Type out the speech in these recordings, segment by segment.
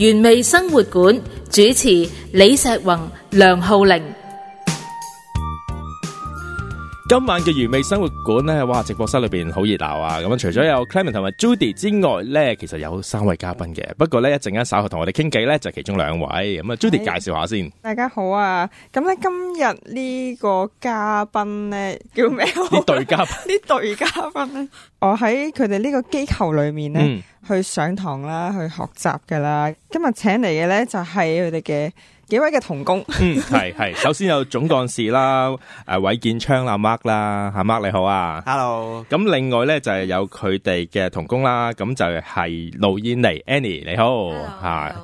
原味生活館主持李錫宏、梁浩玲。今晚嘅完美生活館咧，哇！直播室裏邊好熱鬧啊！咁除咗有 Clement 同埋 Judy 之外咧，其實有三位嘉賓嘅。不過咧，一陣間稍後同我哋傾偈咧，就是、其中兩位。咁啊，Judy 介紹下先。大家好啊！咁咧，今日呢個嘉賓咧叫咩？呢 對嘉賓，呢對嘉賓咧，我喺佢哋呢個機構裏面咧、嗯、去上堂啦，去學習噶啦。今日請嚟嘅咧就係佢哋嘅。幾位嘅同工， 嗯，係係，首先有總幹事啦，誒、呃，韋建昌啦、啊、，mark 啦、啊、，mark 你好啊，hello，咁另外咧就係、是、有佢哋嘅同工啦，咁就係盧燕妮，annie 你好吓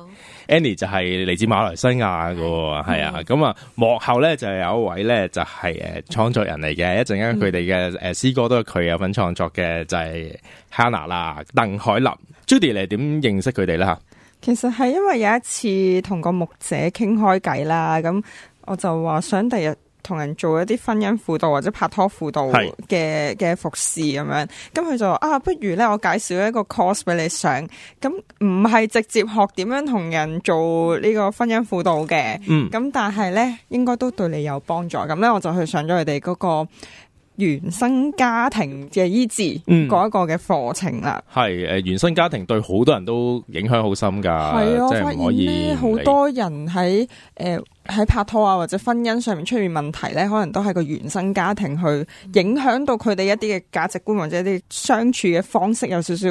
，annie 就係嚟自馬來西亞嘅，係啊，咁、嗯、啊、嗯、幕後咧就有一位咧就係誒創作人嚟嘅，嗯、一陣間佢哋嘅誒詩歌都係佢有份創作嘅，就係、是、hana 啦，鄧海琳。judy 你點認識佢哋咧吓？其實係因為有一次同個牧者傾開偈啦，咁我就話想第日同人做一啲婚姻輔導或者拍拖輔導嘅嘅是服侍，咁樣，咁佢就話啊，不如咧我介紹一個 course 俾你上，咁唔係直接學點樣同人做呢個婚姻輔導嘅，咁、嗯、但係咧應該都對你有幫助，咁咧我就去上咗佢哋嗰個。原生家庭嘅醫治，嗯，嗰一個嘅課程啦，係、呃、誒，原生家庭對好多人都影響好深噶，係啊，即係唔可以，發現呢好多人喺誒喺拍拖啊，或者婚姻上面出現問題咧，可能都係個原生家庭去影響到佢哋一啲嘅價值觀或者一啲相處嘅方式有少少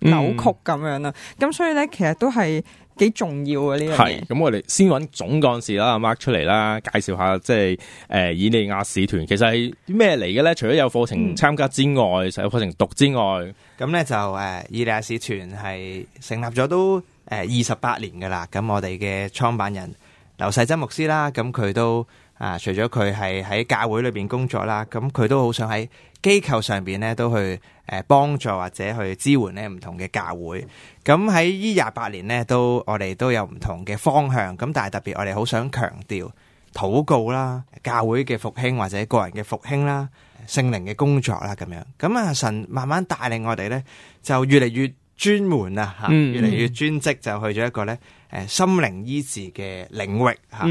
扭曲咁、嗯、樣啦。咁所以咧，其實都係。幾重要啊呢樣嘢？係咁， 我哋先揾總幹事啦，mark 出嚟啦，介紹下即係誒、呃，以利亞使團其實係咩嚟嘅咧？除咗有課程參加之外，嗯、有課程讀之外，咁咧、嗯嗯、就誒、呃，以利亞使團係成立咗都誒二十八年噶啦。咁我哋嘅創辦人劉世珍牧師啦，咁佢都。啊，除咗佢係喺教會裏邊工作啦，咁佢都好想喺機構上邊咧都去誒幫、呃、助或者去支援咧唔同嘅教會。咁喺呢廿八年咧，都我哋都有唔同嘅方向。咁但係特別我哋好想強調禱告啦、教會嘅復興或者個人嘅復興啦、聖靈嘅工作啦，咁樣。咁啊神慢慢帶領我哋咧，就越嚟越專門啊吓，嗯嗯、越嚟越專職就去咗一個咧誒、呃、心靈醫治嘅領域吓。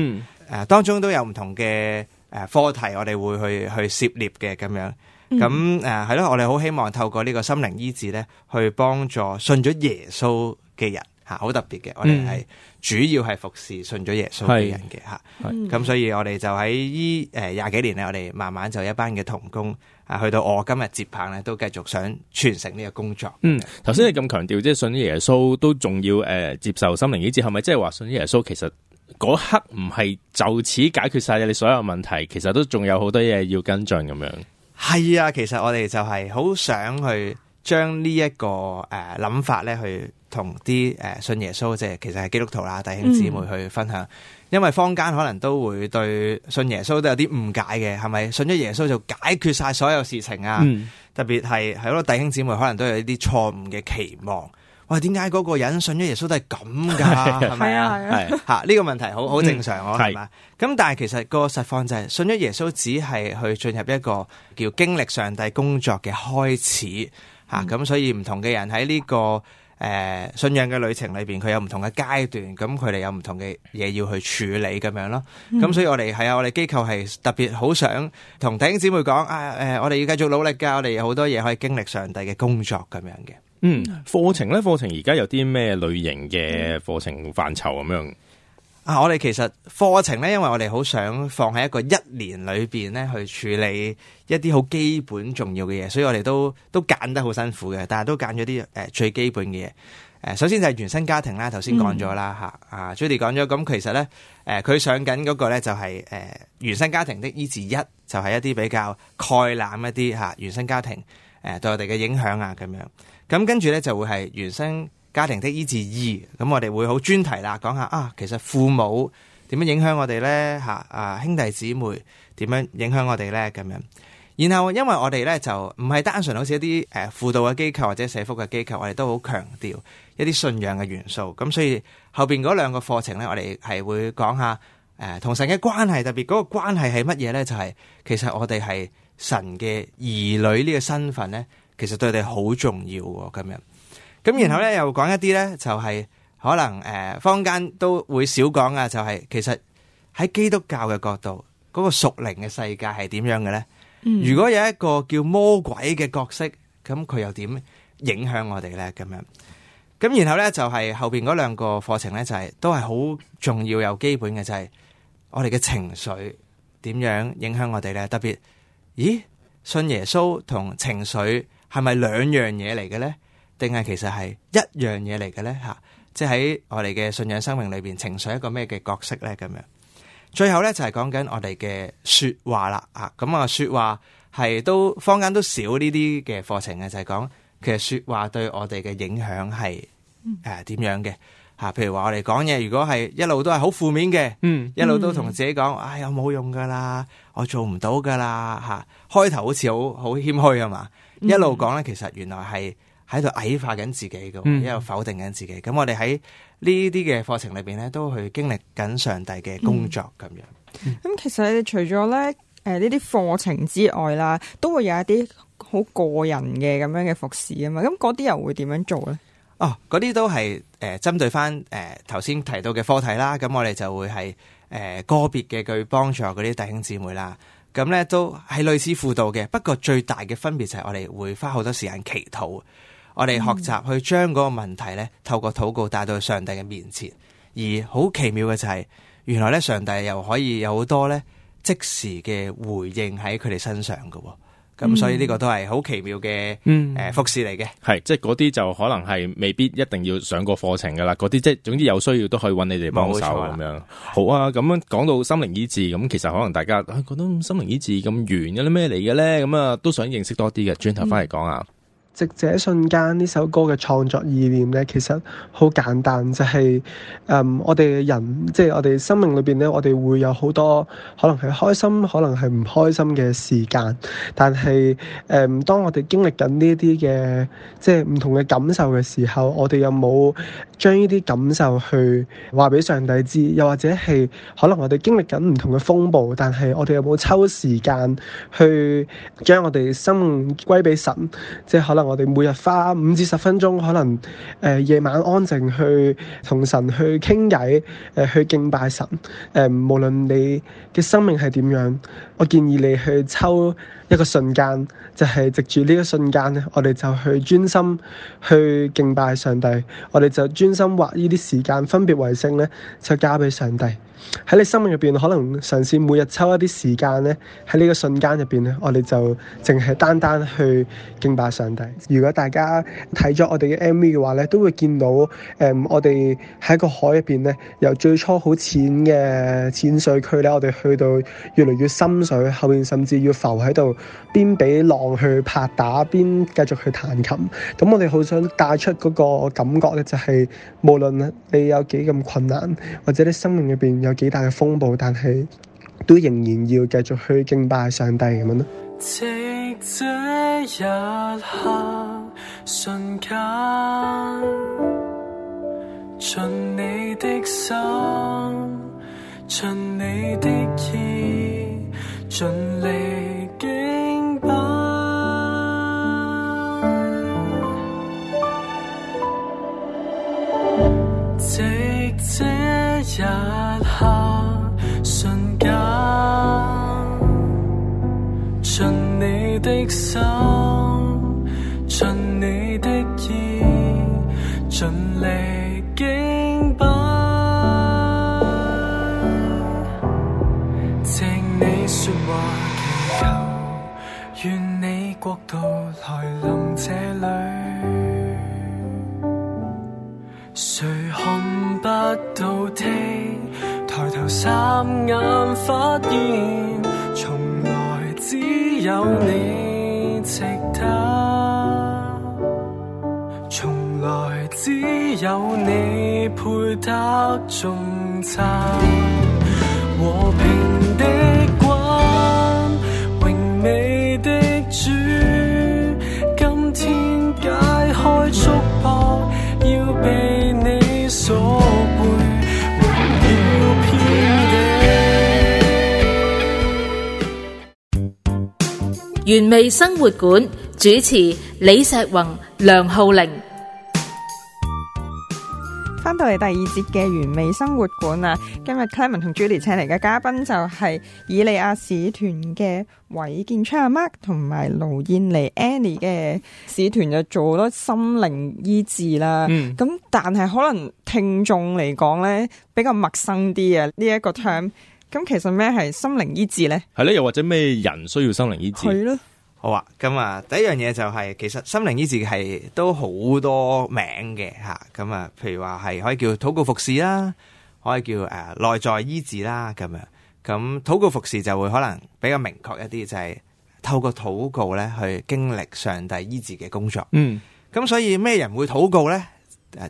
誒、啊，當中都有唔同嘅誒課題我、嗯啊，我哋會去去涉獵嘅咁樣。咁誒係咯，我哋好希望透過呢個心靈醫治咧，去幫助信咗耶穌嘅人吓，好、啊、特別嘅。嗯、我哋係主要係服侍信咗耶穌嘅人嘅吓。咁所以我哋就喺依誒廿幾年咧，我哋慢慢就一班嘅同工啊，去到我今日接棒咧，都繼續想傳承呢個工作。嗯，頭先、嗯、你咁強調即係信咗耶穌都仲要誒，接受心靈醫治，係咪即係話信咗耶穌其實？嗰刻唔係就此解決晒你所有問題，其實都仲有好多嘢要跟進咁樣。係啊，其實我哋就係好想去將呢、這個呃、一個誒諗法咧，去同啲誒信耶穌即係其實係基督徒啦弟兄姊妹去分享，嗯、因為坊間可能都會對信耶穌都有啲誤解嘅，係咪信咗耶穌就解決晒所有事情啊？嗯、特別係好多弟兄姊妹可能都有一啲錯誤嘅期望。喂，點解嗰個人信咗耶穌都係咁噶？係啊，係吓呢個問題好好正常哦，係嘛？咁但係其實個實況就係信咗耶穌只係去進入一個叫經歷上帝工作嘅開始吓，咁所以唔同嘅人喺呢個誒信仰嘅旅程裏邊，佢有唔同嘅階段，咁佢哋有唔同嘅嘢要去處理咁樣咯。咁所以我哋係啊，我哋機構係特別好想同弟兄姊妹講啊，誒，我哋要繼續努力噶，我哋有好多嘢可以經歷上帝嘅工作咁樣嘅。嗯，課程咧，課程而家有啲咩類型嘅課程範疇咁樣？嗯、啊，我哋其實課程咧，因為我哋好想放喺一個一年裏邊咧去處理一啲好基本重要嘅嘢，所以我哋都都揀得好辛苦嘅，但係都揀咗啲誒最基本嘅嘢。誒、呃，首先就係原生家庭啦，頭先講咗啦吓。嗯、啊，Judy 講咗，咁其實咧，誒、呃，佢上緊嗰個咧就係、是、誒、呃、原生家庭的醫治一，就係、是、一啲比較概覽一啲吓、啊、原生家庭誒對我哋嘅影響啊咁樣。咁跟住咧，就會係原生家庭的醫治二。咁、嗯、我哋會好專題啦，講下啊，其實父母點樣影響我哋咧？吓啊，啊，兄弟姊妹點樣影響我哋咧？咁樣。然後因為我哋咧就唔係單純好似一啲誒、呃、輔導嘅機構或者社福嘅機構，我哋都好強調一啲信仰嘅元素。咁、嗯、所以後邊嗰兩個課程咧，我哋係會講下誒同、呃、神嘅關係，特別嗰、這個關係係乜嘢咧？就係、是，其實我哋係神嘅兒女呢個身份咧。其實對你哋好重要喎，咁樣。咁然後咧又講一啲咧，就係可能誒，坊間都會少講啊，就係其實喺基督教嘅角度，嗰個屬靈嘅世界係點樣嘅咧？如果有一個叫魔鬼嘅角色，咁佢又點影響我哋咧？咁樣。咁然後咧就係後邊嗰兩個課程咧，就係都係好重要又基本嘅，就係我哋嘅情緒點樣影響我哋咧？特別，咦，信耶穌同情緒。係咪兩樣嘢嚟嘅咧？定係其實係一樣嘢嚟嘅咧？吓、啊，即係喺我哋嘅信仰生命裏邊，情緒一個咩嘅角色咧？咁樣，最後咧就係講緊我哋嘅說話啦。啊，咁啊，說話係都坊間都少呢啲嘅課程嘅，就係、是、講其實說話對我哋嘅影響係誒點樣嘅吓、啊？譬如我話我哋講嘢，如果係一路都係好負面嘅，嗯，一路都同自己講，嗯、哎有冇用噶啦，我做唔到噶啦，吓、啊、開頭好似好好謙虛啊嘛。一路講咧，其實原來係喺度矮化緊自己嘅，嗯、一路否定緊自己。咁我哋喺呢啲嘅課程裏邊咧，都去經歷緊上帝嘅工作咁樣。咁、嗯嗯嗯、其實除咗咧，誒呢啲課程之外啦，都會有一啲好個人嘅咁樣嘅服侍啊嘛。咁嗰啲又會點樣做咧？哦，嗰啲都係誒針對翻誒頭先提到嘅課題啦。咁我哋就會係誒個別嘅去幫助嗰啲弟兄姊妹啦。咁咧都係類似輔導嘅，不過最大嘅分別就係我哋會花好多時間祈禱，我哋學習去將嗰個問題咧透過禱告帶到上帝嘅面前，而好奇妙嘅就係原來咧上帝又可以有好多咧即時嘅回應喺佢哋身上嘅。咁、嗯、所以呢個都係好奇妙嘅誒、嗯呃、服事嚟嘅，係即係嗰啲就可能係未必一定要上過課程㗎喇，嗰啲即係總之有需要都可以揾你哋幫手咁樣。好啊，咁、嗯、樣講到心靈醫治，咁、嗯、其實可能大家覺得心靈醫治咁玄，嗰啲咩嚟嘅咧？咁、嗯、啊都想認識多啲嘅。轉頭翻嚟講啊。嗯直者瞬間呢首歌嘅創作意念呢，其實好簡單，就係誒我哋人，即係我哋生命裏邊呢，我哋會有好多可能係開心，可能係唔開心嘅時間。但係誒，當我哋經歷緊呢啲嘅即係唔同嘅感受嘅時候，我哋有冇將呢啲感受去話俾上帝知？又或者係可能我哋經歷緊唔同嘅風暴，但係我哋有冇抽時間去將我哋生命歸俾神？即係可能。我哋每日花五至十分鐘，可能誒、呃、夜晚安靜去同神去傾偈，誒、呃、去敬拜神。誒、呃、無論你嘅生命係點樣，我建議你去抽一個瞬間，就係、是、藉住呢一個瞬間咧，我哋就去專心去敬拜上帝。我哋就專心劃呢啲時間，分別為聖咧，就交俾上帝。喺你生命入邊，可能嘗試每日抽一啲時間呢。喺呢個瞬間入邊呢，我哋就淨係單單去敬拜上帝。如果大家睇咗我哋嘅 MV 嘅話呢，都會見到誒、嗯，我哋喺個海入邊呢，由最初好淺嘅淺水區呢，我哋去到越嚟越深水，後面甚至要浮喺度，邊俾浪去拍打，邊繼續去彈琴。咁我哋好想帶出嗰個感覺呢，就係、是、無論你有幾咁困難，或者你生命入邊。有幾大嘅風暴，但係都仍然要繼續去敬拜上帝咁樣咯。藉這一刻瞬間，盡你的心，盡你的意，盡你敬拜。瞬間，盡你的心，盡你的意，盡力敬拜。請你說話祈求，願你國度來臨這裏，誰看不到的？三眼發現，從來只有你值得，從來只有你配得仲差。原味生活館主持李石宏、梁浩玲，翻到嚟，第二節嘅原味生活館啦。今日 Clement 同 Julie 請嚟嘅嘉賓就係以利亞使團嘅韋建春阿 Mark 同埋盧燕妮 Annie 嘅使團，就做咗心靈醫治啦。嗯。咁但係可能聽眾嚟講咧比較陌生啲啊，呢一個 term。咁其實咩係心靈醫治咧？係咧，又或者咩人需要心靈醫治？係咯的。好啊，咁啊，第一樣嘢就係、是、其實心靈醫治係都好多名嘅吓，咁啊，譬如話係可以叫禱告服侍啦，可以叫誒內、啊、在醫治啦，咁、啊、樣。咁禱告服侍就會可能比較明確一啲，就係、是、透過禱告咧去經歷上帝醫治嘅工作。嗯。咁所以咩人會禱告咧？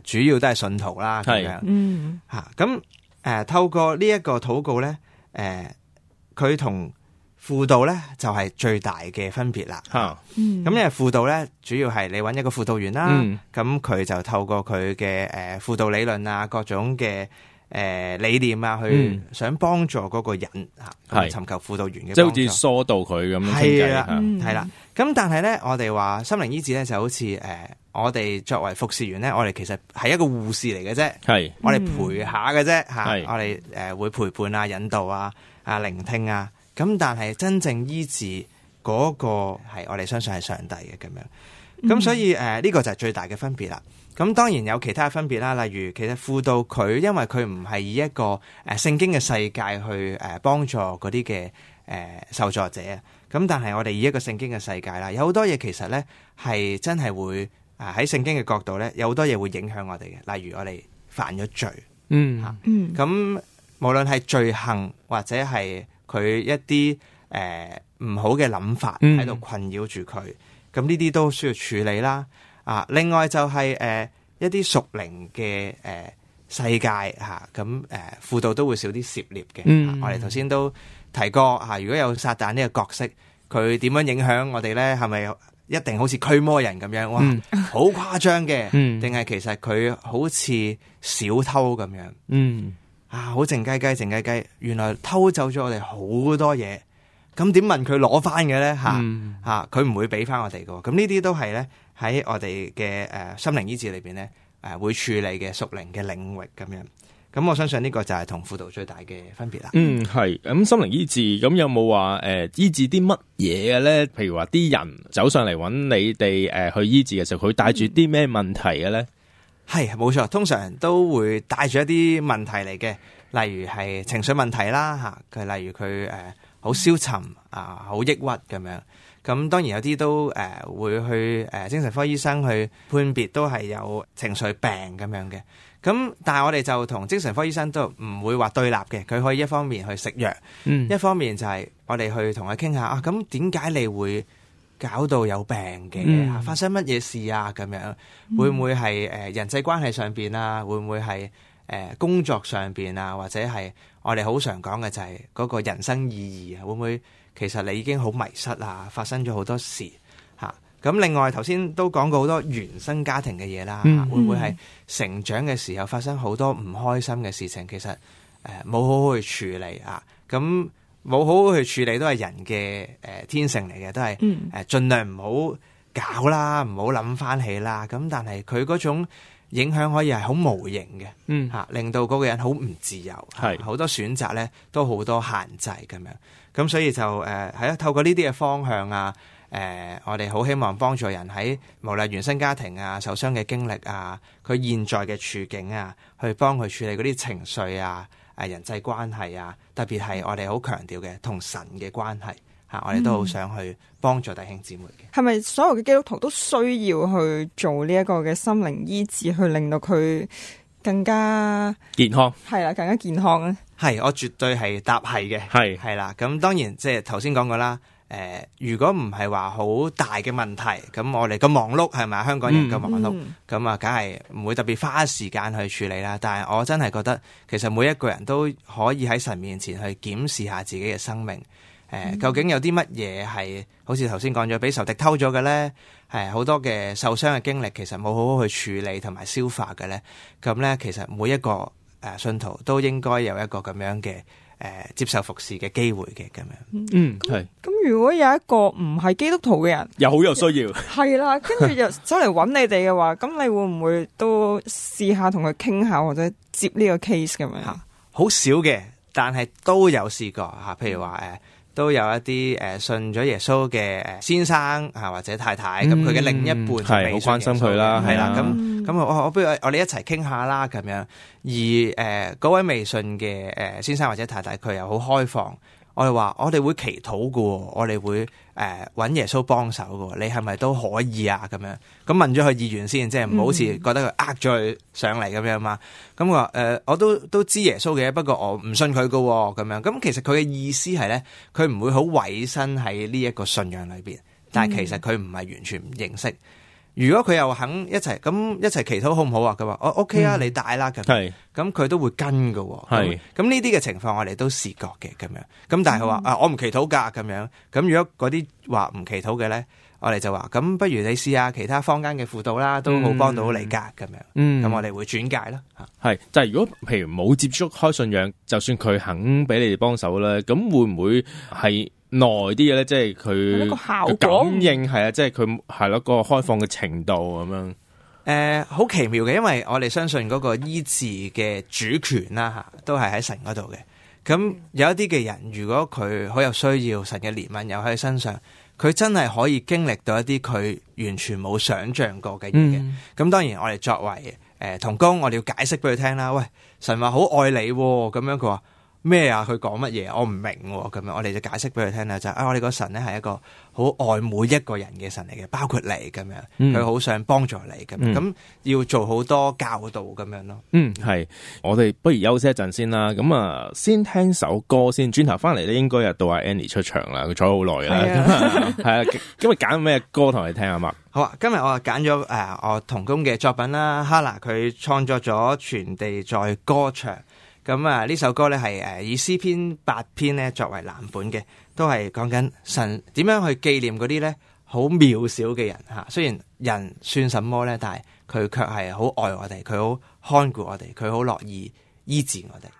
誒，主要都係信徒啦，咁樣。嗯。吓、啊，咁、啊、誒，透過呢一個禱告咧。誒，佢同輔導咧就係、是、最大嘅分別啦。吓、嗯，咁因為輔導咧主要係你揾一個輔導員啦、啊，咁佢、嗯、就透過佢嘅誒輔導理論啊，各種嘅誒、呃、理念啊，嗯、去想幫助嗰個人吓，咁尋是求輔導員嘅，即係好似疏導佢咁樣係啦，係啦的。咁、嗯、但係咧，我哋話心靈醫治咧就好似誒。呃我哋作為服侍員呢，我哋其實係一個護士嚟嘅啫，係是我哋陪下嘅啫，吓是、啊，我哋誒會陪伴啊、引導、那個、啊、啊聆聽啊，咁但係真正醫治嗰個係我哋相信係上帝嘅咁樣，咁所以誒呢個就係最大嘅分別啦。咁當然有其他嘅分別啦，例如其實輔導佢，因為佢唔係以一個誒聖經嘅世界去誒幫助嗰啲嘅誒受助者，咁但係我哋以一個聖經嘅世界啦，有好多嘢其實呢係真係會。啊！喺聖經嘅角度咧，有好多嘢會影響我哋嘅，例如我哋犯咗罪嗯，嗯，咁、啊、無論係罪行或者係佢一啲誒唔好嘅諗法喺度困擾住佢，咁呢啲都需要處理啦。啊，另外就係、是、誒、呃、一啲屬靈嘅誒、呃、世界嚇，咁、啊、誒、呃、輔導都會少啲涉獵嘅。我哋頭先都提過嚇、啊，如果有撒旦呢個角色，佢點樣影響我哋咧？係咪？一定好似驅魔人咁樣，哇，好誇張嘅，定係、嗯、其實佢好似小偷咁樣，嗯、啊，好靜雞雞，靜雞雞，原來偷走咗我哋好多嘢，咁點問佢攞翻嘅咧？吓、啊、吓，佢唔、嗯啊、會俾翻我哋嘅，咁呢啲都係咧喺我哋嘅誒心靈醫治裏邊咧，誒、啊、會處理嘅屬靈嘅領域咁樣。咁我相信呢個就係同輔導最大嘅分別啦、嗯。嗯，係咁心靈醫治咁有冇話誒醫治啲乜嘢嘅咧？譬如話啲人走上嚟揾你哋誒去醫治嘅時候，佢帶住啲咩問題嘅咧？係冇錯，通常都會帶住一啲問題嚟嘅，例如係情緒問題啦吓，佢、啊、例如佢誒好消沉啊，好抑鬱咁樣。啊咁當然有啲都誒、呃、會去誒、呃、精神科醫生去判別，都係有情緒病咁樣嘅。咁但係我哋就同精神科醫生都唔會話對立嘅，佢可以一方面去食藥，嗯、一方面就係我哋去同佢傾下啊。咁點解你會搞到有病嘅、啊？發生乜嘢事啊？咁樣會唔會係誒、呃、人際關係上邊啊？會唔會係誒、呃、工作上邊啊？或者係我哋好常講嘅就係嗰個人生意義啊？會唔會？其實你已經好迷失啦！發生咗好多事吓，咁、啊、另外頭先都講過好多原生家庭嘅嘢啦，嗯、會唔會係成長嘅時候發生好多唔開心嘅事情？其實誒，冇、呃、好好去處理啊，咁冇好好去處理都係人嘅誒、呃、天性嚟嘅，都係誒盡量唔好搞啦，唔好諗翻起啦。咁但係佢嗰種影響可以係好無形嘅，吓、嗯啊、令到嗰個人好唔自由，係、啊、好是多選擇咧都好多限制咁樣。咁、嗯、所以就誒係啊，透過呢啲嘅方向啊，誒、呃，我哋好希望幫助人喺無論原生家庭、呃、啊、受傷嘅經歷啊、佢現在嘅處境啊，去幫佢處理嗰啲情緒啊、誒人際關係啊，特別係我哋好強調嘅同神嘅關係吓，我哋都好想去幫助弟兄姊妹嘅。係咪、嗯、所有嘅基督徒都需要去做呢一個嘅心靈醫治，去令到佢更加、健康、更加健康？係啦，更加健康啊！係，我絕對係答係嘅。係係啦，咁當然即係頭先講過啦。誒、呃，如果唔係話好大嘅問題，咁我哋嘅忙碌係咪香港人嘅忙碌，咁啊、嗯，梗係唔會特別花時間去處理啦。但係我真係覺得，其實每一個人都可以喺神面前去檢視下自己嘅生命。誒、呃，究竟有啲乜嘢係好似頭先講咗，俾仇敵偷咗嘅咧？誒，好、呃、多嘅受傷嘅經歷，其實冇好好去處理同埋消化嘅咧。咁咧，其實每一個。誒、啊，信徒都應該有一個咁樣嘅誒、呃，接受服侍嘅機會嘅咁樣。嗯，係。咁如果有一個唔係基督徒嘅人，又好有需要，係 啦，跟住、啊、又走嚟揾你哋嘅話，咁你會唔會都試下同佢傾下或者接呢個 case 咁樣？好、啊、少嘅，但係都有試過吓，譬如話誒。呃都有一啲誒信咗耶穌嘅誒先生呀，或者太太，咁佢嘅另一半就好關心佢啦，係啦，咁咁我我，不如我哋一齊傾下啦咁樣。而誒嗰位未信嘅誒先生或者太太，佢、嗯、呃呃、又好開放。我哋話我哋會祈禱嘅、哦，我哋會誒揾、呃、耶穌幫手嘅，你係咪都可以啊？咁樣咁問咗佢意願先，即係唔好似覺得佢呃咗佢上嚟咁、嗯、樣嘛？咁話誒，我都都知耶穌嘅，不過我唔信佢嘅咁樣。咁其實佢嘅意思係咧，佢唔會好委身喺呢一個信仰裏邊，但係其實佢唔係完全唔認識。如果佢又肯一齊咁一齊祈禱好唔好啊？佢話我 OK 啊、嗯，你帶啦咁，咁佢是都會跟噶。咁呢啲嘅情況我哋都試過嘅咁樣。咁但係佢話、嗯、啊，我唔祈禱噶咁樣。咁如果嗰啲話唔祈禱嘅咧，我哋就話咁不如你試下其他坊間嘅輔導啦，都好幫到你噶咁、嗯、樣。嗯，咁我哋會轉介啦。係、嗯，就如果譬如冇接觸開信仰，就算佢肯俾你哋幫手咧，咁會唔會係？耐啲嘢咧，即係佢個感應係啊，即係佢係咯個開放嘅程度咁樣。誒，好奇妙嘅，因為我哋相信嗰個醫治嘅主權啦、啊、吓，都係喺神嗰度嘅。咁有一啲嘅人，如果佢好有需要，神嘅憐憫又喺身上，佢真係可以經歷到一啲佢完全冇想象過嘅嘢。咁、嗯、當然，我哋作為誒、呃、同工，我哋要解釋俾佢聽啦。喂，神話好愛你咁、啊、樣，佢話。咩啊？佢講乜嘢？我唔明咁、哦、樣，我哋就解釋俾佢聽啦，就係、啊，我哋個神咧係一個好愛每一個人嘅神嚟嘅，包括你咁樣，佢好、嗯、想幫助你咁，咁、嗯、要做好多教導咁樣咯。嗯，係、嗯，我哋不如休息一陣先啦。咁啊，先聽首歌先，轉頭翻嚟咧，應該又到阿 Annie 出場啦，佢坐好耐啦。係啊，嗯、 今日揀咩歌同你聽啊？嘛， 好啊，今日我啊揀咗誒，我同工嘅作品啦，Hannah 哈拿佢創作咗《全地在歌唱》。咁啊，呢首歌咧係誒以詩篇八篇咧作為藍本嘅，都係講緊神點樣去紀念嗰啲咧好渺小嘅人吓。雖然人算什麼咧，但係佢卻係好愛我哋，佢好看顧我哋，佢好樂意醫治我哋。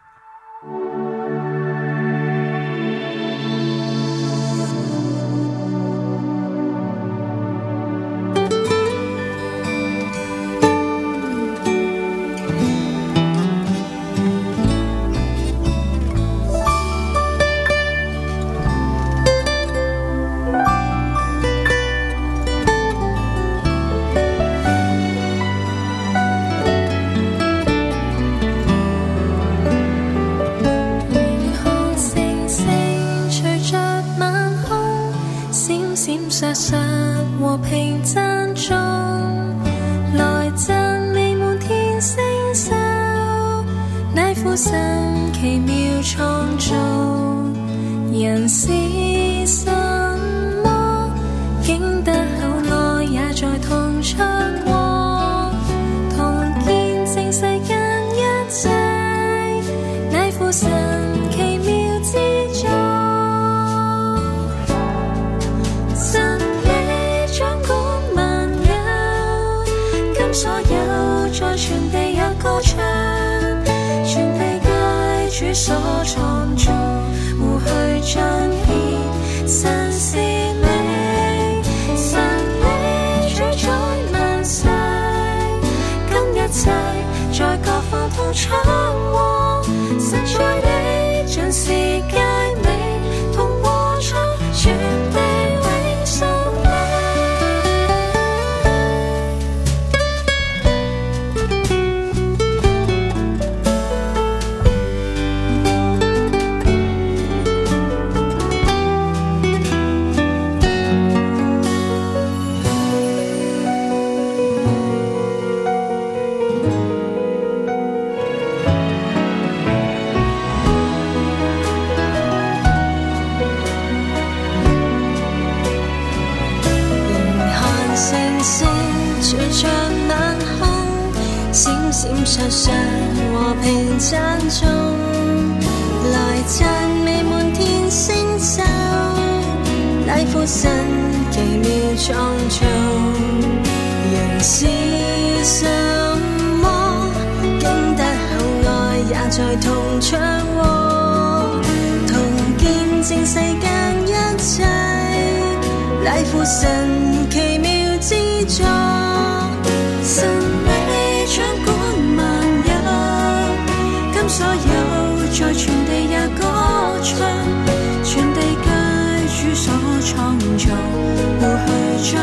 彰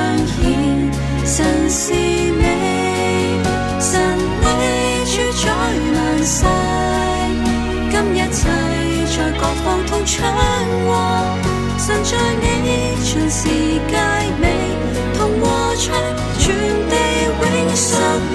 顯神是美，神你主宰萬世，今一切在各方同唱和，神在你盡是佳美，同和唱，全地永生。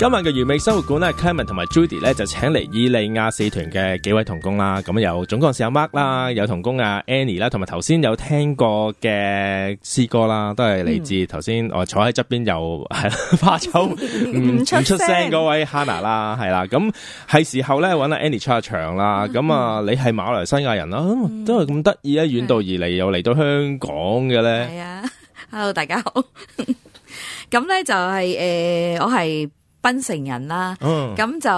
今日嘅完美生活館咧，Clement 同埋 Judy 咧就請嚟以利亞使團嘅幾位同工啦。咁有總幹事阿 Mark 啦，有同工阿 Annie 啦，同埋頭先有聽過嘅詩歌啦，都係嚟自頭先我坐喺側邊又花抽唔出聲嗰位 Hannah 啦，係啦。咁係時候咧揾阿 Annie 出下場啦。咁啊，你係馬來西亞人啦，都係咁得意啊，遠道而嚟又嚟到香港嘅咧。係啊，Hello，大家好。咁咧就係誒，我係。檳城人啦，咁、oh. 就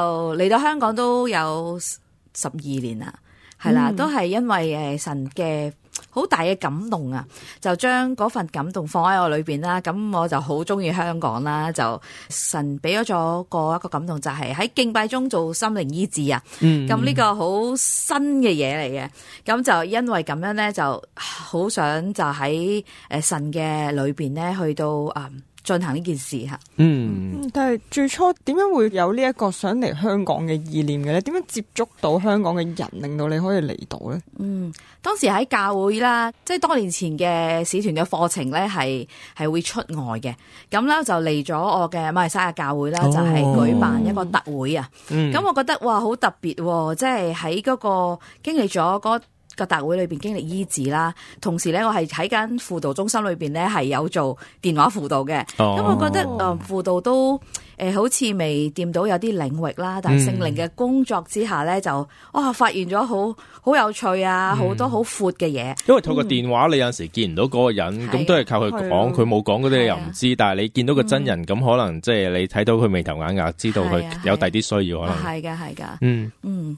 嚟到香港都有十二年啦，係啦，都係因為誒神嘅好大嘅感動啊，就將嗰份感動放喺我裏邊啦，咁我就好中意香港啦，就神俾咗咗個一個感動就係、是、喺敬拜中做心靈醫治啊，咁呢、mm. 個好新嘅嘢嚟嘅，咁就因為咁樣咧，就好想就喺誒神嘅裏邊咧去到嗯。進行呢件事吓，嗯，但係最初點樣會有呢一個想嚟香港嘅意念嘅咧？點樣接觸到香港嘅人，令到你可以嚟到咧？嗯，當時喺教會啦，即係多年前嘅使團嘅課程咧，係係會出外嘅。咁啦，就嚟咗我嘅馬來西亞教會啦，就係舉辦一個特會啊。咁、哦嗯、我覺得哇，好特別，啊，即係喺嗰個經歷咗嗰個大會裏邊經歷醫治啦，同時咧，我係喺間輔導中心裏邊咧係有做電話輔導嘅，咁、哦、我覺得誒輔導都誒、呃、好似未掂到有啲領域啦，但係聖靈嘅工作之下咧、嗯、就啊發現咗好好有趣啊，好多好闊嘅嘢。因為透過電話、嗯、你有陣時見唔到嗰個人，咁的都係靠佢講，佢冇講嗰啲你又唔知，但係你見到個真人咁，可能即係你睇到佢眉頭眼額，知道佢有第啲需要，可能係嘅係嘅，嗯嗯。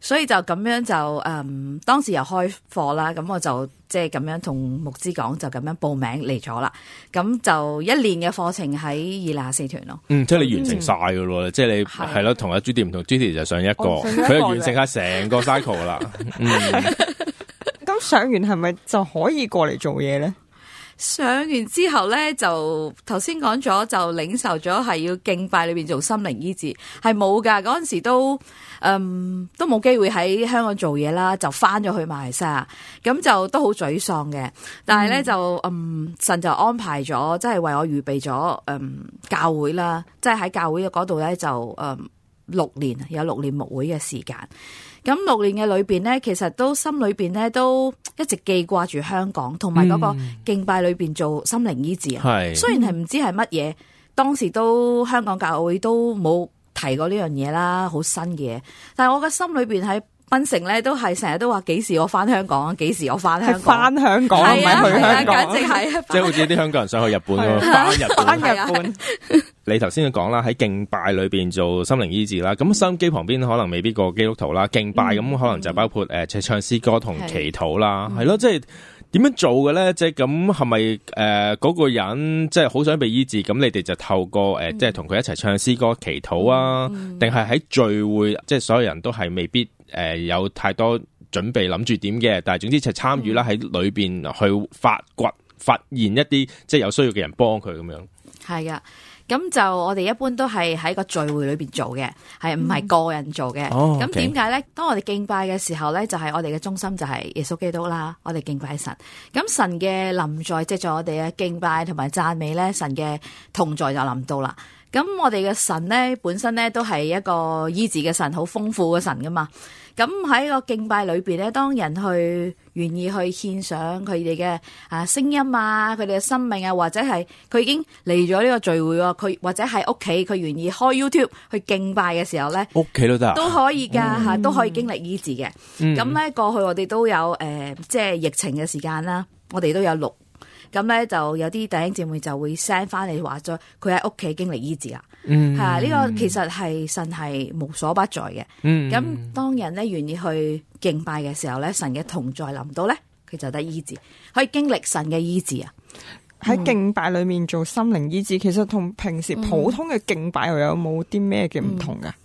所以就咁樣就嗯，當時又開課啦，咁我就即係咁樣同木之講，就咁樣報名嚟咗啦。咁就一年嘅課程喺以利亞使團咯。嗯，即係你完成晒噶咯，嗯、即係你係咯、嗯的，同阿 Gigi 唔同 Gigi 就上一個，佢就完成晒成個 cycle 噶啦。咁、 嗯、 上完係咪就可以過嚟做嘢咧？上完之後咧，就頭先講咗，就領受咗係要敬拜裏邊做心靈醫治，係冇㗎。嗰陣時都誒、嗯、都冇機會喺香港做嘢啦，就翻咗去馬來西亞，咁就都好沮喪嘅。但係咧、嗯、就誒、嗯、神就安排咗，即、就、係、是、為我預備咗誒、嗯、教會啦，即係喺教會嘅嗰度咧就誒六、嗯、年有六年牧會嘅時間。咁六年嘅裏邊呢，其實都心裏邊呢，都。一直記掛住香港，同埋嗰個敬拜裏邊做心靈醫治啊。嗯、雖然係唔知係乜嘢，嗯、當時都香港教會都冇提過呢樣嘢啦，好新嘅嘢。但係我嘅心裏邊係。檳城咧都係成日都話幾時我翻香港，幾時我翻香港。翻香港，唔係去香港，簡直係。是即係好似啲香港人想去日本咯， 啊、翻日本。啊、翻日本，啊啊、 你頭先講啦，喺敬拜裏邊做心靈醫治啦，咁收音機旁邊可能未必個基督徒啦，敬拜咁可能就包括誒，唱詩歌同祈禱啦，係咯、嗯，即係、啊。就是點樣做嘅咧？即係咁係咪？誒，嗰、呃嗰個人即係好想被醫治，咁你哋就透過誒，嗯、即係同佢一齊唱詩歌祈禱啊？定係喺聚會，即係所有人都係未必誒、呃、有太多準備諗住點嘅，但係總之就參與啦，喺、嗯、裏邊去發掘、發現一啲即係有需要嘅人幫佢咁樣。係啊。咁就我哋一般都係喺個聚會裏邊做嘅，係唔係個人做嘅。咁點解咧？當我哋敬拜嘅時候咧，就係我哋嘅中心就係耶穌基督啦。我哋敬拜神，咁神嘅臨在即係在我哋嘅敬拜同埋讚美咧，神嘅同在就臨到啦。咁我哋嘅神咧，本身咧都係一個醫治嘅神，好豐富嘅神噶嘛。咁喺個敬拜裏邊咧，當人去願意去獻上佢哋嘅啊，聲音啊，佢哋嘅生命啊，或者係佢已經嚟咗呢個聚會喎，佢或者喺屋企，佢願意開 YouTube 去敬拜嘅時候咧，屋企都得都可以噶吓、嗯啊，都可以經歷醫治嘅。咁咧、嗯、過去我哋都有誒、呃，即係疫情嘅時間啦，我哋都有錄。咁咧就有啲弟兄姊妹就會 send 翻嚟話咗佢喺屋企經歷醫治啦，嚇呢、嗯啊，呢個其實係神係無所不在嘅。咁、嗯、當人咧願意去敬拜嘅時候咧，神嘅同在臨到咧，佢就得醫治，可以經歷神嘅醫治啊。喺敬拜裏面做心靈醫治，嗯、其實同平時普通嘅敬拜又有冇啲咩嘅唔同噶？嗯嗯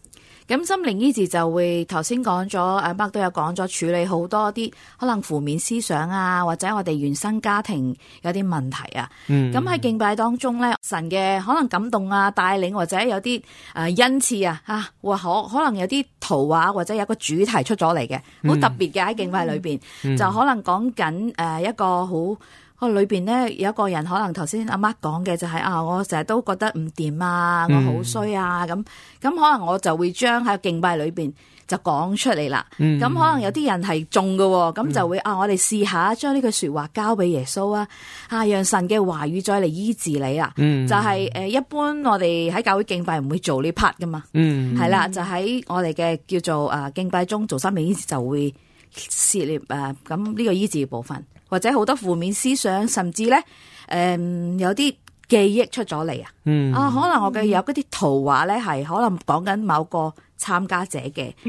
咁心靈醫治就會頭先講咗，阿麥都有講咗處理好多啲可能負面思想啊，或者我哋原生家庭有啲問題啊。咁喺、嗯、敬拜當中咧，神嘅可能感動啊帶領，或者有啲啊、呃、恩賜啊，啊或可可能有啲圖畫或者有一個主題出咗嚟嘅，好、嗯、特別嘅喺敬拜裏邊，嗯嗯、就可能講緊誒一個好。個裏邊咧，面有一個人可能頭先阿媽講嘅就係、是、啊，我成日都覺得唔掂啊，我好衰啊，咁咁、嗯、可能我就會將喺敬拜裏邊就講出嚟啦。咁、嗯、可能有啲人係中嘅，咁就會、嗯、啊，我哋試下將呢句説話交俾耶穌啊，啊，讓神嘅話語再嚟醫治你啊。嗯、就係、是、誒，一般我哋喺教會敬拜唔會做呢 part 㗎嘛？係啦、嗯嗯，就喺我哋嘅叫做啊敬拜中做生命醫治就會涉獵啊，咁呢個醫治嘅部分。或者好多負面思想，甚至咧，誒、呃、有啲記憶出咗嚟、嗯、啊、嗯啊！啊，可能我嘅有嗰啲圖畫咧，係可能講緊某個參加者嘅記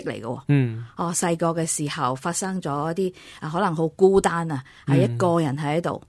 憶嚟嘅。哦，細個嘅時候發生咗一啲啊，可能好孤單啊，係一個人喺度。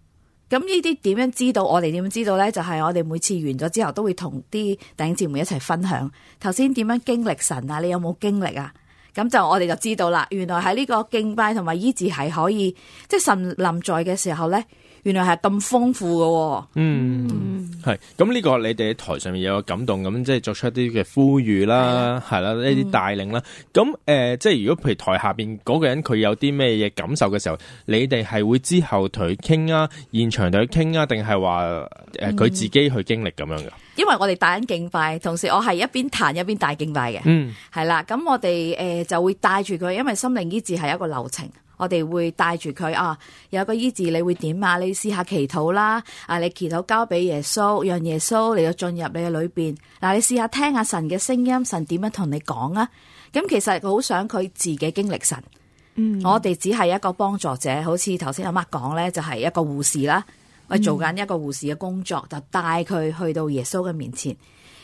咁呢啲點樣知道？我哋點樣知道咧？就係、係、我哋每次完咗之後，都會同啲弟兄姊妹一齊分享。頭先點樣經歷神啊？你有冇經歷啊？咁就我哋就知道啦，原來喺呢個敬拜同埋醫治係可以，即係神臨在嘅時候咧。原來係咁豐富嘅，哦，嗯，係咁呢個你哋喺台上面有個感動咁，即係作出一啲嘅呼籲啦，係啦，嗯，呢啲帶領啦。咁誒，呃，即係如果譬如台下邊嗰個人佢有啲咩嘢感受嘅時候，你哋係會之後同佢傾啊，現場同佢傾啊，定係話誒佢自己去經歷咁樣嘅，嗯？因為我哋帶緊敬拜，同時我係一邊彈一邊帶敬拜嘅，嗯，係啦。咁我哋誒，呃，就會帶住佢，因為心靈醫治係一個流程。我哋會帶住佢啊，有個醫治你會點啊？你試下祈禱啦，啊，你祈禱交俾耶穌，讓耶穌嚟到進入你嘅裏邊。嗱，啊，你試下聽下神嘅聲音，神點樣同你講啊？咁其實好想佢自己經歷神。嗯，我哋只係一個幫助者，好似頭先阿媽講咧，就係、是、一個護士啦，我做緊一個護士嘅工作，就帶佢去到耶穌嘅面前，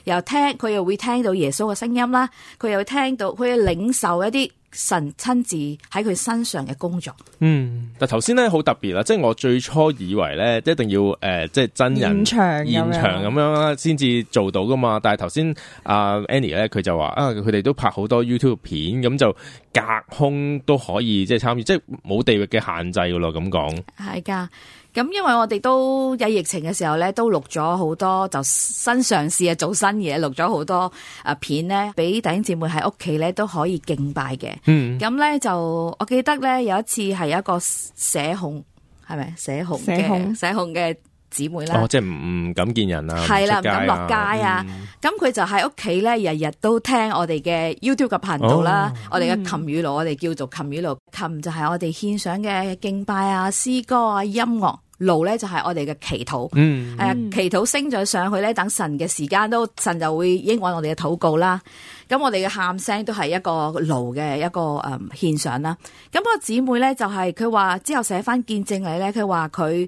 又聽佢又會聽到耶穌嘅聲音啦，佢又會聽到佢領受一啲。神親自喺佢身上嘅工作，嗯，但頭先咧好特別啦，即係我最初以為咧一定要誒、呃，即係真人現場、現場咁樣啦，先至做到噶嘛。但係頭先阿 Annie 咧，佢就話啊，佢哋都拍好多 YouTube 片，咁就隔空都可以即係參與，即係冇地域嘅限制噶咯。咁講係噶。咁因為我哋都有疫情嘅時候咧，都錄咗好多就新嘗試啊，做新嘢，錄咗好多啊片呢，俾弟兄姊妹喺屋企咧都可以敬拜嘅。嗯，咁咧就我記得咧有一次係有一個社恐，係咪社恐嘅，社恐嘅姊妹啦。哦，即係唔唔敢見人啊，係啦，唔敢落街啊。咁佢、啊嗯、就喺屋企咧，日日都聽我哋嘅 YouTube 頻道啦、哦嗯，我哋嘅琴語錄，我哋叫做琴語錄，琴就係我哋獻上嘅敬拜啊，詩歌啊，音樂。爐咧，就係我哋嘅祈禱，誒、嗯嗯、祈禱升咗上去咧，等神嘅時間都神就會應允我哋嘅禱告啦。咁我哋嘅喊聲都係一個爐嘅一個誒獻、嗯、上啦。咁、那、嗰個姊妹咧就係佢話之後寫翻見證嚟咧，佢話佢。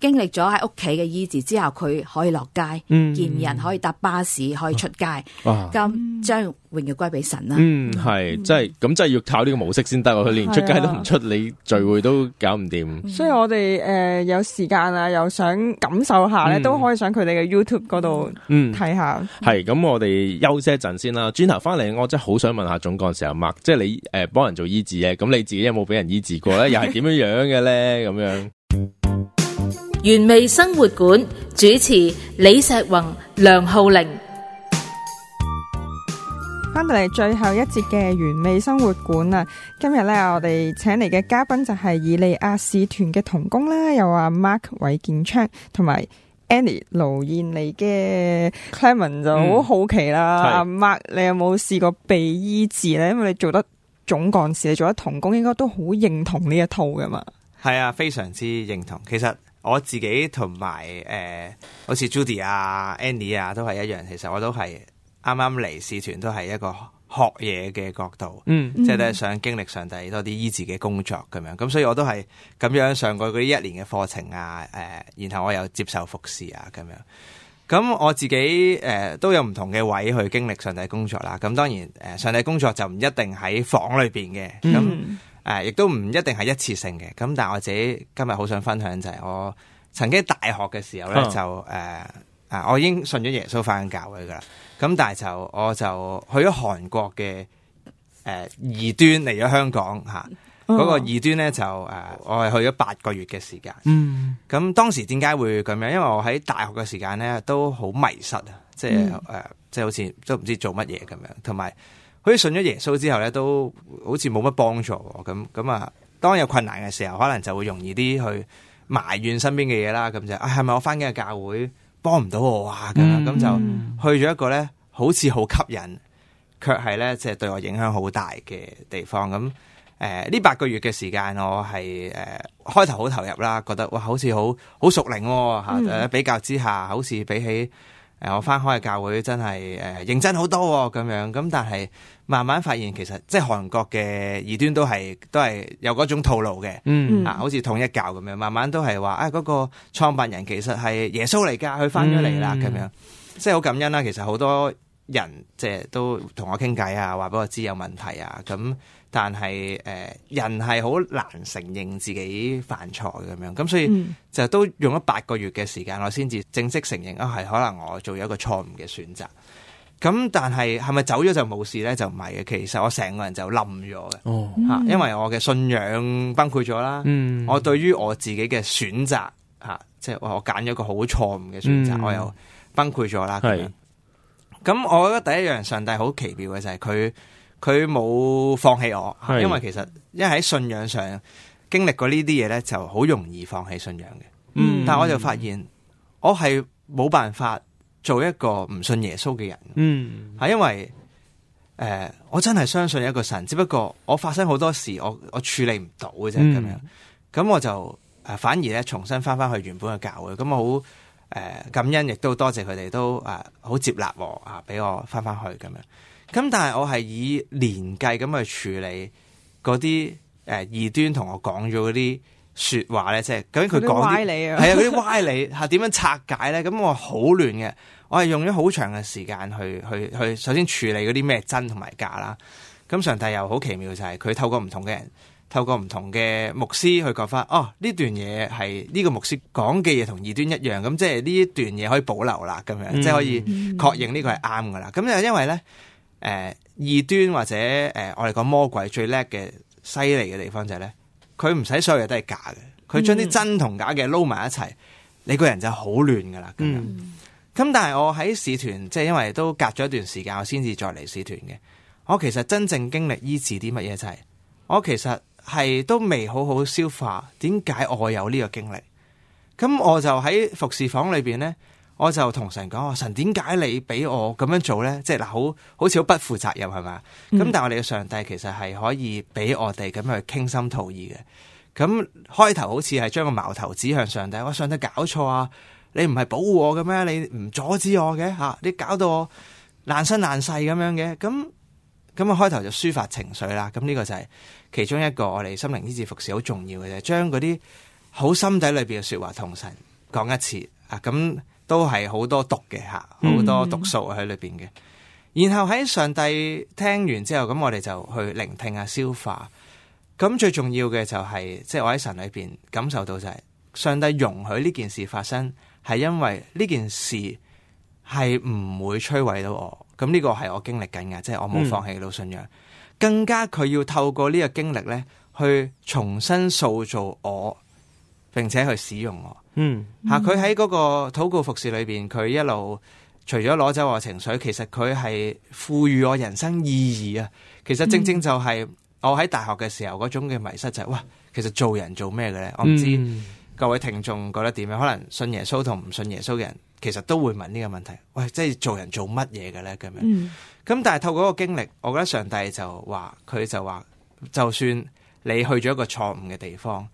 經歷咗喺屋企嘅醫治之後，佢可以落街見人，可以搭巴士，可以出街。咁將榮耀歸俾神啦。係，即係咁，即係要靠呢個模式先得。佢連出街都唔出，你聚會都搞唔掂。所以我哋誒有時間啊，又想感受下咧，都可以上佢哋嘅 YouTube 度睇下。係咁，我哋休息一陣先啦。轉頭翻嚟，我真係好想問下總幹事阿麥，即係你誒幫人做醫治嘅，咁你自己有冇俾人醫治過咧？又係點樣樣嘅咧？咁樣。原味生活館主持李石宏、梁浩玲，翻到嚟最後一節嘅原味生活館啦。今日咧，我哋請嚟嘅嘉賓就係以利亞使團嘅同工啦，有阿 Mark 韋建昌同埋 Annie 盧燕妮嘅 Clement 就好好奇啦。阿 Mark，你有冇試過被醫治咧？因為你做得總幹事，你做得同工，應該都好認同呢一套噶嘛。係啊，非常之認同。其實。我自己同埋誒，好似 Judy 啊、Annie 啊，都係一樣。其實我都係啱啱嚟使團，都係一個學嘢嘅角度，嗯，即係都想經歷上帝多啲醫治嘅工作咁樣。咁所以我都係咁樣上過嗰啲一年嘅課程啊。誒、呃，然後我又接受服侍啊咁樣。咁、嗯、我自己誒、呃、都有唔同嘅位去經歷上帝工作啦。咁當然誒、呃，上帝工作就唔一定喺房裏邊嘅。咁。嗯嗯誒，亦都唔一定係一次性嘅，咁但係我自己今日好想分享就係、是、我曾經大學嘅時候咧，uh huh. 就誒誒、呃啊，我已經信咗耶穌返教會噶啦，咁但係就我就去咗韓國嘅誒異端嚟咗香港嚇，嗰、啊 uh huh. 個異端咧就誒、呃，我係去咗八個月嘅時間，咁、uh huh. 當時點解會咁樣？因為我喺大學嘅時間咧都好迷失啊，即係誒、呃，即係好似都唔知做乜嘢咁樣，同埋。佢信咗耶穌之後咧，都好似冇乜幫助咁咁啊！當有困難嘅時候，可能就會容易啲去埋怨身邊嘅嘢啦。咁就啊，係、哎、咪我翻緊嘅教會幫唔到我啊？咁咁、嗯、就去咗一個咧，好似好吸引，卻係咧即係對我影響好大嘅地方。咁誒呢八個月嘅時間，我係誒開頭好投入啦，覺得哇好似好好熟靈吓、哦嗯啊。比較之下，好似比起誒、呃、我翻開嘅教會，真係誒認真好多咁、哦、樣。咁但係。慢慢發現其實即係韓國嘅異端都係都係有嗰種套路嘅，嗯、啊，好似統一教咁樣，慢慢都係話啊嗰個創辦人其實係耶穌嚟㗎，佢翻咗嚟啦咁樣，即係好感恩啦。其實好多人即係都同我傾偈啊，話俾我知有問題啊。咁但係誒、呃，人係好難承認自己犯錯嘅咁樣。咁所以、嗯、就都用咗八個月嘅時間，我先至正式承認啊，係可能我做咗一個錯誤嘅選擇。咁但係係咪走咗就冇事呢？就唔係嘅，其實我成個人就冧咗嘅，吓、oh. 嗯，因為我嘅信仰崩潰咗啦。嗯、我對於我自己嘅選擇，吓，即係我我揀咗個好錯誤嘅選擇，嗯、我又崩潰咗啦。咁是、嗯、我覺得第一樣上帝好奇妙嘅就係佢佢冇放棄我，是因為其實一喺信仰上經歷過呢啲嘢呢，就好容易放棄信仰嘅。嗯、但係我就發現我係冇辦法。做一個唔信耶穌嘅人，嗯，係因為誒、呃，我真係相信一個神，只不過我發生好多事，我我處理唔到嘅啫，咁、嗯、樣，咁我就誒、呃、反而咧重新翻翻去原本嘅教會，咁我好誒、呃、感恩，亦都多謝佢哋都誒好接納我啊，俾我翻翻去咁樣，咁但係我係以年計咁去處理嗰啲誒異端同我講咗嗰啲說話咧，即係究竟佢講啲係啊啲歪理、啊，係點、嗯嗯、 樣拆解咧？咁我好亂嘅。我係用咗好長嘅時間去去去，去去首先處理嗰啲咩真同埋假啦。咁上帝又好奇妙就係、是、佢透過唔同嘅人，透過唔同嘅牧師去覺返，哦，呢段嘢係呢個牧師講嘅嘢同異端一樣，咁即係呢一段嘢可以保留啦，咁樣即係可以確認呢個係啱噶啦。咁就因為咧，誒、呃、異端或者誒、呃、我哋講魔鬼最叻嘅犀利嘅地方就係、是、咧，佢唔使所有嘢都係假嘅，佢將啲真同假嘅撈埋一齊，嗯、你個人就好亂噶啦。嗯咁但係我喺使團，即係因為都隔咗一段時間，我先至再嚟使團嘅。我其實真正經歷醫治啲乜嘢，就係、是、我其實係都未好好消化，點解我有呢個經歷？咁我就喺服侍房裏邊呢，我就同神講：，神我神點解你俾我咁樣做呢？即係嗱，好好似好不負責任係咪？咁、嗯、但係我哋嘅上帝其實係可以俾我哋咁去傾心吐意嘅。咁開頭好似係將個矛頭指向上帝，我上帝搞錯啊！你唔係保護我嘅咩？你唔阻止我嘅吓、啊？你搞到我爛身爛世咁樣嘅？咁咁啊開頭就抒發情緒啦。咁、啊、呢、呢個就係其中一個我哋心靈醫治服侍好重要嘅，就係將嗰啲好心底裏邊嘅說話同神講一次啊。咁、啊嗯嗯、都係好多毒嘅吓，好多毒素喺裏邊嘅。嗯、然後喺上帝聽完之後，咁我哋就去聆聽啊，消化。咁、啊啊、最重要嘅就係、是，即係我喺神裏邊感受到就係，上帝容許呢件事發生。係因為呢件事係唔會摧毀到我，咁呢個係我經歷緊嘅，即係我冇放棄到信仰。嗯、更加佢要透過呢個經歷呢，去重新塑造我，並且去使用我。嗯，吓佢喺嗰個禱告服侍裏邊，佢一路除咗攞走我情緒，其實佢係賦予我人生意義啊！其實正正就係我喺大學嘅時候嗰種嘅迷失就係、是，哇！其實做人做咩嘅呢？我唔知。嗯各位聽眾覺得點樣？可能信耶穌同唔信耶穌嘅人，其實都會問呢個問題，喂，即係做人做乜嘢嘅咧？咁樣。咁、嗯、但係透過個經歷，我覺得上帝就話佢就話，就算你去咗一個錯誤嘅地方，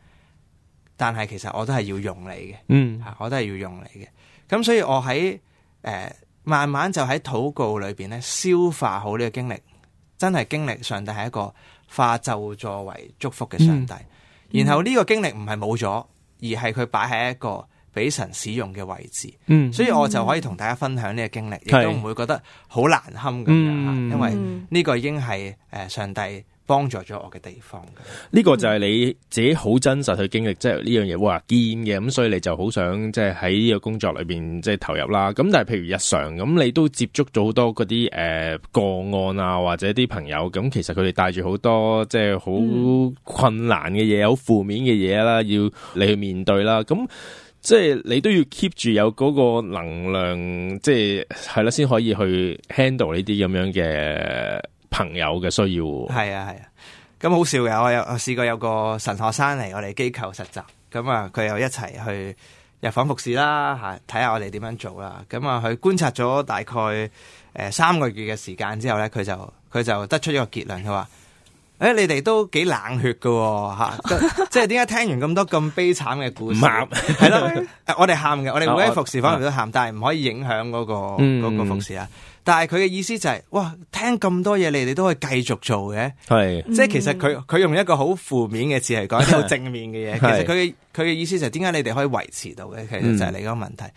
但係其實我都係要用你嘅，嗯、啊，我都係要用你嘅。咁所以我，我喺誒慢慢就喺禱告裏邊咧，消化好呢個經歷。真係經歷上帝係一個化咒詛為祝福嘅上帝。嗯、然後呢個經歷唔係冇咗。而係佢擺喺一個俾神使用嘅位置，嗯、所以我就可以同大家分享呢個經歷，嗯、亦都唔會覺得好難堪咁樣、嗯、因為呢個已經係誒上帝。幫助咗我嘅地方，呢、嗯、個就係你自己好真實去經歷，即係呢樣嘢哇堅嘅，咁所以你就好想即係喺呢個工作裏邊即係投入啦。咁但係譬如日常咁，你都接觸咗好多嗰啲誒個案啊，或者啲朋友咁，其實佢哋帶住好多即係好困難嘅嘢，好、嗯、負面嘅嘢啦，要你去面對啦。咁即係你都要 keep 住有嗰個能量，即係係啦，先可以去 handle 呢啲咁樣嘅。朋友嘅需要，係啊，係啊，咁、啊啊嗯、好笑嘅，我有我試過有個神學生嚟我哋機構實習，咁、嗯、啊佢又一齊去入房服侍啦，吓睇下我哋點樣做啦，咁、嗯、啊佢觀察咗大概誒、呃、三個月嘅時間之後咧，佢、啊、就佢就得出一個結論，佢話。啊誒、哎，你哋都幾冷血噶吓、哦 啊，即係點解聽完咁多咁悲慘嘅故事，係咯？我哋喊嘅，我哋每喺服侍方面都喊，啊、但係唔可以影響嗰、那個、嗯、個服侍啊。但係佢嘅意思就係、是，哇，聽咁多嘢，你哋都可以繼續做嘅，係是即係其實佢佢、嗯、用一個好負面嘅字嚟講，一個好正面嘅嘢。 其實佢佢嘅意思就係點解你哋可以維持到嘅，其實就係你嗰個問題。嗯、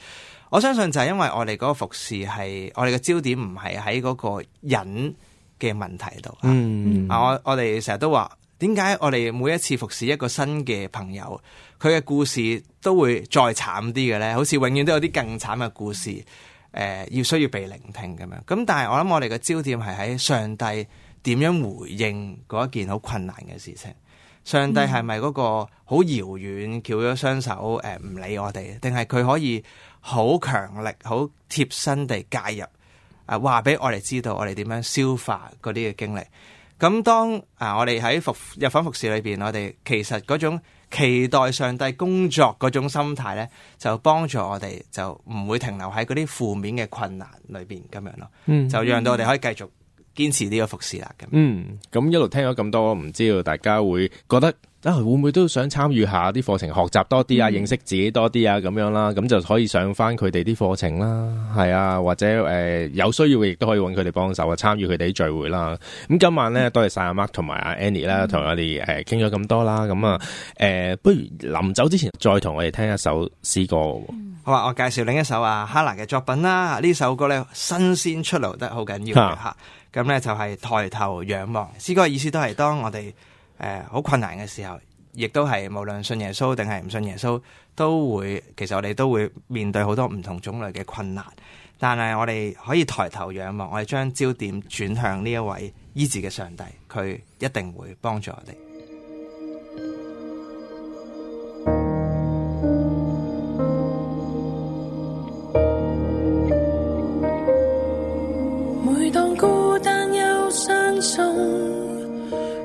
我相信就係因為我哋嗰個服侍係，我哋嘅焦點唔係喺嗰個人。嘅問題度、嗯、啊！我我哋成日都話點解我哋每一次服侍一個新嘅朋友，佢嘅故事都會再慘啲嘅咧？好似永遠都有啲更慘嘅故事，誒、呃、要需要被聆聽咁樣。咁但係我諗我哋嘅焦點係喺上帝點樣回應嗰一件好困難嘅事情。上帝係咪嗰個好遙遠翹咗雙手誒唔、呃、理我哋，定係佢可以好強力、好貼身地介入？啊！話俾我哋知道，我哋點樣消化嗰啲嘅經歷。咁當啊，我哋喺服一份服侍裏邊，我哋其實嗰種期待上帝工作嗰種心態咧，就幫助我哋就唔會停留喺嗰啲負面嘅困難裏邊咁樣咯。嗯，就讓到我哋可以繼續堅持呢個服侍啦。咁嗯，咁、嗯、一路聽咗咁多，唔知道大家會覺得。啊，會唔會都想參與下啲課程，學習多啲啊，認識自己多啲啊，咁樣啦，咁就可以上翻佢哋啲課程啦，係啊，或者誒、呃、有需要嘅，亦都可以揾佢哋幫手啊，參與佢哋啲聚會啦。咁、嗯、今晚咧，多謝晒、啊、阿 Mark 同埋阿 Annie 啦，同我哋誒傾咗咁多啦，咁啊，誒、呃，不如臨走之前再同我哋聽一首詩歌。 好啊，我介紹另一首啊哈拿嘅作品啦。呢首歌咧新鮮出爐，得好緊要嘅吓。咁咧就係抬頭仰望，詩歌嘅意思都係當我哋，誒，好困難嘅時候，亦都係無論信耶穌定係唔信耶穌，都會其實我哋都會面對好多唔同種類嘅困難，但係我哋可以抬頭仰望，我哋將焦點轉向呢一位醫治嘅上帝，佢一定會幫助我哋。